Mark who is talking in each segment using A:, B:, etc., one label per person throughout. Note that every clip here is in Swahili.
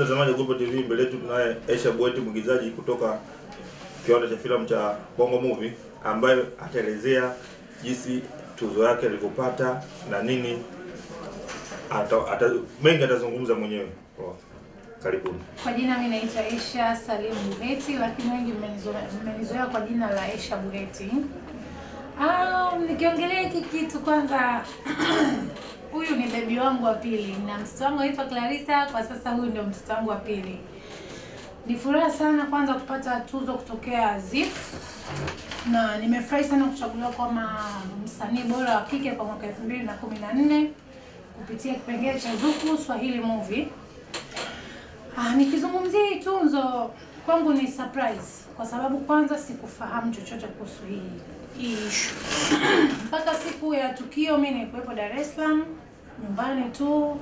A: watazamaji wa Global TV, mbele yetu tunaye Aisha Buheti, mwigizaji kutoka kiwanda cha filamu cha Bongo Movie, ambaye ataelezea jinsi tuzo yake alivyopata na nini ata, ata, mengi atazungumza mwenyewe. Karibuni.
B: Kwa jina mimi naitwa Aisha Salim Buheti, lakini wengi mmenizoea kwa jina la Aisha Buheti. Um, nikiongelea hiki kitu kwanza mtoto wangu wa pili na mtoto wangu anaitwa Clarissa. Kwa sasa huyu ndio mtoto wangu wa pili. Ni furaha sana kwanza kupata tuzo kutokea ZIF na nimefurahi sana kuchaguliwa kama msanii bora wa kike kwa mwaka 2014 kupitia kipengele cha Zuku Swahili Movie. Ah, nikizungumzia hii tunzo kwangu ni surprise kwa sababu kwanza sikufahamu chochote kuhusu hii hii issue mpaka siku ya tukio, Mimi nilikuwepo Dar es Salaam nyumbani tu,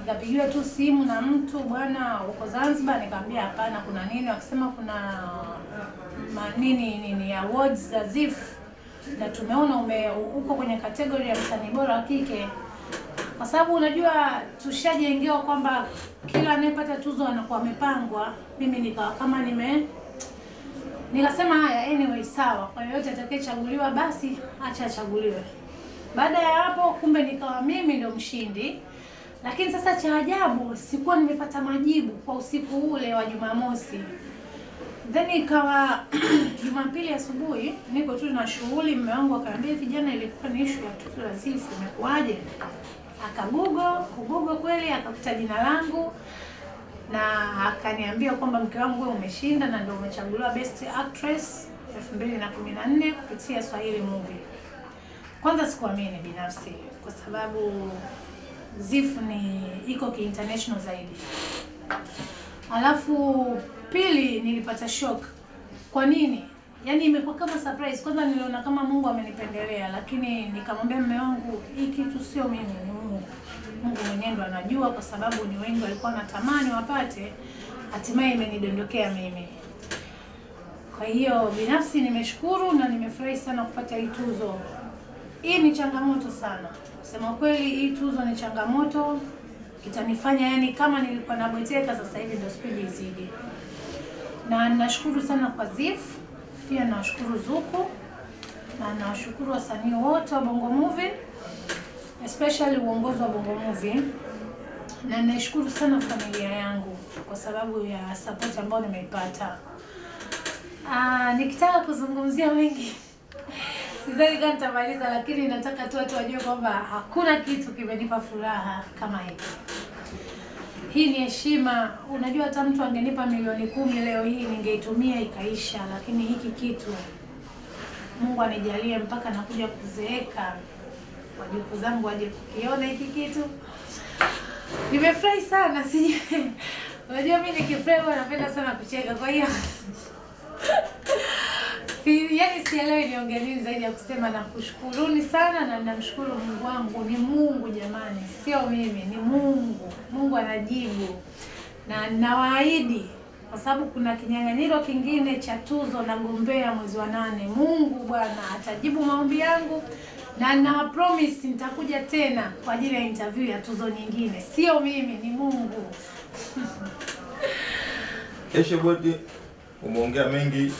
B: nikapigiwa tu simu na mtu, bwana uko Zanzibar? Nikamwambia hapana, kuna nini? Wakisema kuna ma, nini nini awards za ZIF na tumeona ume uko kwenye kategori ya msanii bora wa kike, kwa sababu unajua tushajengewa kwamba kila anayepata tuzo anakuwa amepangwa. Mimi nika kama nime nikasema haya, anyway, sawa. Kwa yoyote atakayechaguliwa basi acha achaguliwe. Baada ya hapo, kumbe nikawa mimi ndo mshindi. Lakini sasa cha ajabu, sikuwa nimepata majibu kwa usiku ule wa Jumamosi. Then ikawa Jumapili asubuhi niko tu na shughuli, mume wangu akaambia, vijana, ilikuwa ni issue ya tuzo la sifu, imekuwaje? Akagugo kugugo kweli, akakuta jina langu na akaniambia kwamba mke wangu wewe umeshinda na ndio umechaguliwa best actress 2014 kupitia Swahili movie. Kwanza sikuamini binafsi, kwa sababu Zifu ni iko kiinternational zaidi. Alafu pili, nilipata shock. Kwa nini? Yaani imekuwa kama surprise. Kwanza niliona kama Mungu amenipendelea, lakini nikamwambia mume wangu, hii kitu sio mimi, ni Mungu. Mungu mwenyewe ndo anajua, kwa sababu ni wengi walikuwa natamani wapate, hatimaye imenidondokea mimi. Kwa hiyo binafsi nimeshukuru na nimefurahi sana kupata hii tuzo. Hii ni changamoto sana, kusema kweli, hii tuzo ni changamoto, itanifanya yani, kama nilikuwa nabweteka, sasa hivi ndio spidi izidi, na nashukuru sana kwa ZIF, pia nawashukuru Zuku na nawashukuru wasanii wote wa Bongo Movie, especially uongozi wa Bongo Movie na naishukuru sana familia yangu kwa sababu ya support ambayo nimeipata. Ah, nikitaka kuzungumzia wengi sidhani kama nitamaliza, lakini nataka tu watu wajue kwamba hakuna kitu kimenipa furaha kama hiki. Hii ni heshima. Unajua, hata mtu angenipa milioni kumi leo hii ningeitumia ikaisha, lakini hiki kitu Mungu anijalie mpaka nakuja kuzeeka, wajuku zangu waje kukiona hiki kitu. Nimefurahi sana, si unajua, mi nikifurahi huwa napenda sana kucheka, kwa hiyo si, yani sielewi niongelewi zaidi ya kusema nakushukuruni sana, na namshukuru Mungu wangu. Ni Mungu jamani, sio mimi, ni Mungu. Mungu anajibu, na nawaahidi kwa sababu kuna kinyang'anyiro kingine cha tuzo nagombea mwezi wa nane. Mungu Bwana atajibu maombi yangu na na promise nitakuja tena kwa ajili ya interview ya tuzo nyingine. Sio mimi, ni Mungu.
A: Eshe Bodi, umeongea mengi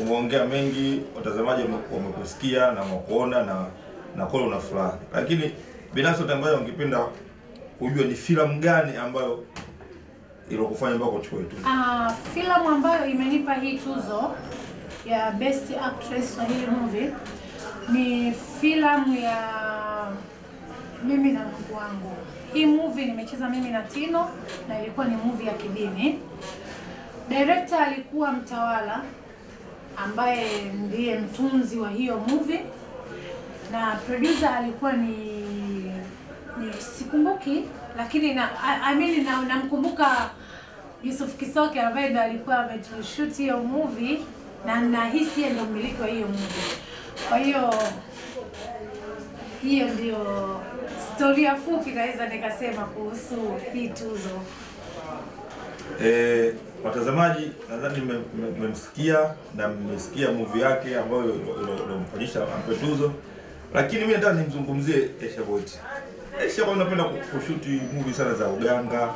A: umeongea mengi, watazamaji wamekusikia na wamekuona na na kweli una furaha, lakini binafsi ambayo ungependa kujua ni filamu gani ambayo ilokufanya mpaka uchukue tuzo?
B: Ah, filamu ambayo imenipa hii tuzo ya Best Actress Swahili Movie ni filamu ya mimi na Mungu wangu. Hii movie nimecheza mimi na Tino na ilikuwa ni movie ya kidini. Director alikuwa mtawala ambaye ndiye mtunzi wa hiyo movie na producer alikuwa ni, ni sikumbuki lakini na, I, I mean, na, namkumbuka Yusuf Kisoke ambaye ndiye alikuwa ametushoot hiyo movie na nahisi yeye ndio mmiliki wa hiyo movie. Kwa hiyo hiyo ndio historia fupi naweza nikasema kuhusu hii tuzo.
A: Eh, Watazamaji, nadhani mmemsikia na mmesikia movie yake ambayo inamfanyisha ampe tuzo, lakini mimi nataka nimzungumzie Aisha Boyt. Aisha Bolt napenda kushuti movie sana za uganga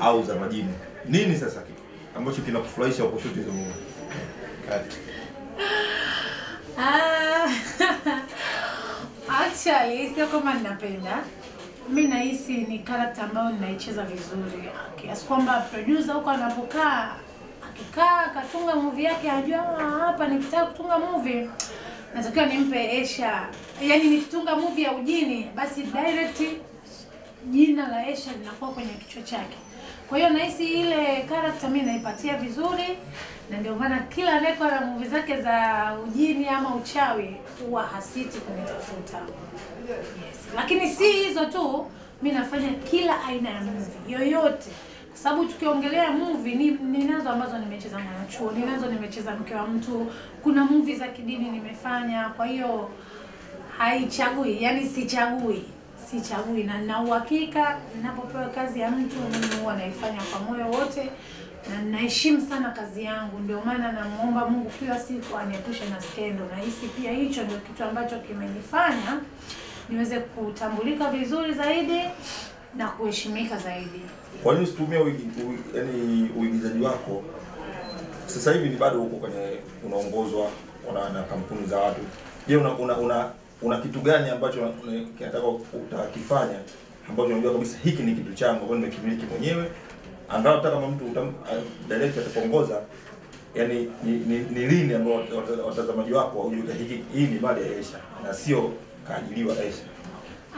A: au za majini. Nini sasa kitu ambacho kinakufurahisha kushuti hizo movie? Ah,
B: actually sio kama ninapenda mi nahisi ni karakta ambayo ninaicheza vizuri, kiasi kwamba producer huko anapokaa akikaa akatunga movie yake, ajua ah, hapa nikitaka kutunga movie natakiwa nimpe Esha, yani nikitunga movie ya ujini, basi direct jina la Esha linakuwa kwenye kichwa chake. Kwa hiyo nahisi ile character mimi naipatia vizuri, na ndio maana kila anayekuwa na movie zake za ujini ama uchawi huwa hasiti kunitafuta. Yes. Lakini si hizo tu, mi nafanya kila aina ya movie yoyote kwa sababu tukiongelea movie ni ninazo ambazo nimecheza mwanachuo, ninazo nimecheza mke wa mtu, kuna movie za kidini nimefanya. Kwa hiyo haichagui, yani sichagui sichagui, na nina uhakika ninapopewa kazi ya mtu mimi huwa naifanya kwa moyo wote na naheshimu sana kazi yangu. Ndio maana namwomba Mungu kila siku aniepushe na skendo. Nahisi pia hicho ndio kitu ambacho kimenifanya niweze kutambulika vizuri zaidi na kuheshimika zaidi.
A: Kwa nini usitumie yani uigizaji wako sasa hivi? Ni bado huko kwenye unaongozwa na kampuni za watu. Je, una, una, una una kitu gani ambacho kinataka utakifanya ambacho unajua kabisa hiki ni kitu changu ambacho nimekimiliki mwenyewe, angalau hata kama mtu direct atakuongoza yani ni, ni, ni lini ambao watazamaji wako wajue hiki hii ni mali ya Aisha na sio kaajiliwa Aisha.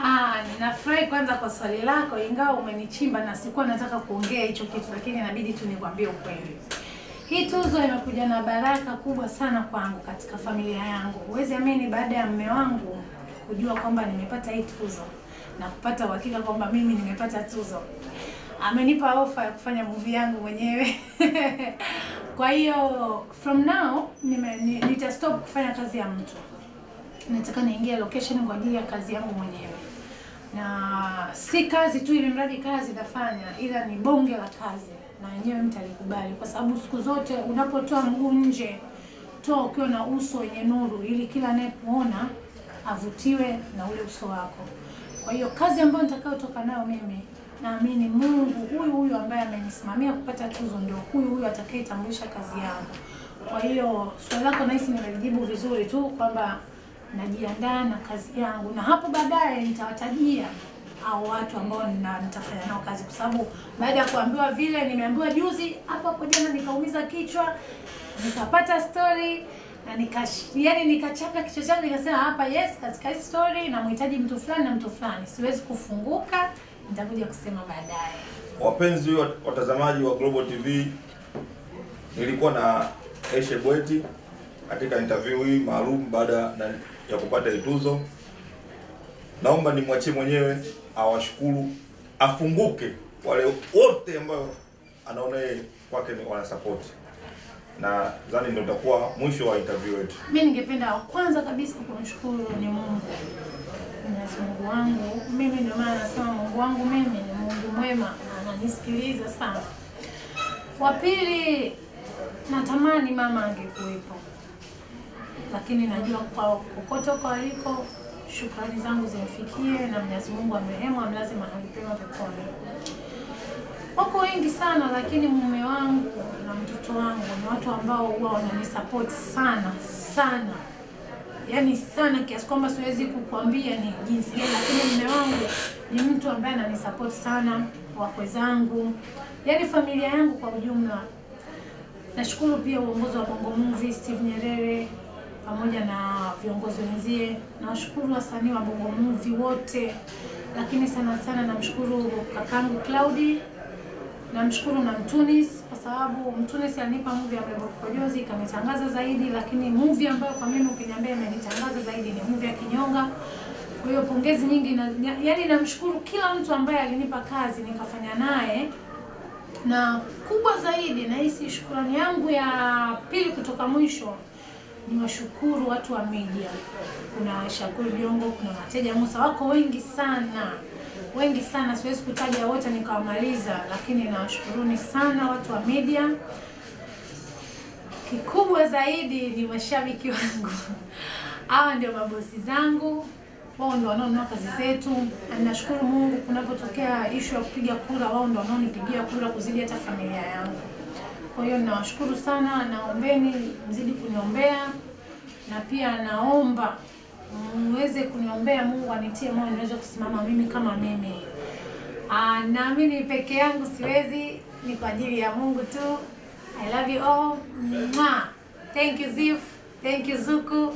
B: Ah, ninafurahi kwanza kwa swali lako, ingawa umenichimba na sikuwa nataka kuongea hicho kitu, lakini inabidi tu nikwambie ukweli. Hii tuzo imekuja na baraka kubwa sana kwangu katika familia yangu. Huwezi amini, baada ya mme wangu kujua kwamba nimepata hii tuzo na kupata uhakika kwamba mimi nimepata tuzo, amenipa ofa ya kufanya movie yangu mwenyewe kwa hiyo from now nime, stop kufanya kazi ya mtu, nataka niingie location kwa ajili ya kazi yangu mwenyewe na si kazi tu, ili mradi kazi nafanya, ila ni bonge la kazi na wenyewe mtalikubali, kwa sababu siku zote unapotoa mguu nje, toa ukiwa na uso wenye nuru, ili kila anayekuona avutiwe na ule uso wako. Kwa hiyo kazi ambayo nitakayotoka nayo mimi, naamini Mungu huyu huyu ambaye amenisimamia kupata tuzo ndio huyu huyu atakayetambulisha kazi yangu. Kwa hiyo swali lako nahisi nimejibu vizuri tu kwamba najiandaa na kazi yangu, na hapo baadaye nitawatajia au watu ambao nitafanya nao kazi, kwa sababu baada ya kuambiwa vile, nimeambiwa juzi hapo hapo jana, nikaumiza kichwa, nikapata story na nika yani nikachaka kichwa changu nikasema, hapa yes, katika hii story namhitaji mtu fulani na mtu fulani, siwezi kufunguka, nitakuja kusema baadaye.
A: Wapenzi watazamaji wa Global TV, nilikuwa na Eshe Bweti katika interview hii maalum baada ya kupata hii tuzo. Naomba nimwachie mwenyewe awashukuru, afunguke wale wote ambao anaona yeye kwake wanasapoti na zani ndio utakuwa mwisho wa interview yetu.
B: Mimi ningependa kwanza kabisa kumshukuru ni Mungu, Mwenyezi Mungu wangu. Mimi ndio maana nasema Mungu wangu mimi ni Mungu mwema na ananisikiliza sana. Wa pili, natamani mama angekuwepo, lakini najua kwa kokote kwa aliko shukrani zangu zimfikie na Mwenyezi Mungu amrehemu, amlaze mahali pema peponi. Wako wengi sana, lakini mume wangu na mtoto wangu ni watu ambao huwa wananisupport sana sana, yaani sana kiasi kwamba siwezi kukuambia ni jinsi gani, lakini mume wangu ni mtu ambaye ananisupport sana, wakwe zangu, yaani familia yangu kwa ujumla. Nashukuru pia uongozi wa Bongo Movie, Steve Nyerere pamoja na viongozi wenzie. Nawashukuru wasanii wa Bongo Movie wote, lakini sana sana namshukuru kakangu Claudi, namshukuru na Mtunis kwa sababu Mtunis alinipa movie ya Mrembo Kikojozi ikanitangaza zaidi, lakini movie ambayo kwa mimi ukiniambia imenitangaza zaidi ni movie ya Kinyonga. Kwa hiyo pongezi nyingi na, yani namshukuru kila mtu ambaye alinipa kazi nikafanya naye na kubwa zaidi, nahisi shukrani yangu ya pili kutoka mwisho niwashukuru watu wa media, kuna Shakuru Jongo, kuna Mateja Musa, wako wengi sana wengi sana, siwezi kutaja wote nikawamaliza, lakini nawashukuruni sana watu wa media. Kikubwa zaidi ni mashabiki wangu, hawa ndio mabosi zangu, wao ndio wanaonunua kazi zetu. Nashukuru Mungu, kunapotokea ishu ya kupiga kura, wao ndio wanaonipigia kura kuzidi hata familia yangu. Kwa hiyo nawashukuru sana, naombeni mzidi kuniombea na pia naomba muweze kuniombea, Mungu anitie moyo niweze kusimama mimi kama mimi. Ah, naamini peke yangu siwezi, ni kwa ajili ya Mungu tu. I love you all. Mwah. Thank you Zif. Thank you Zuku.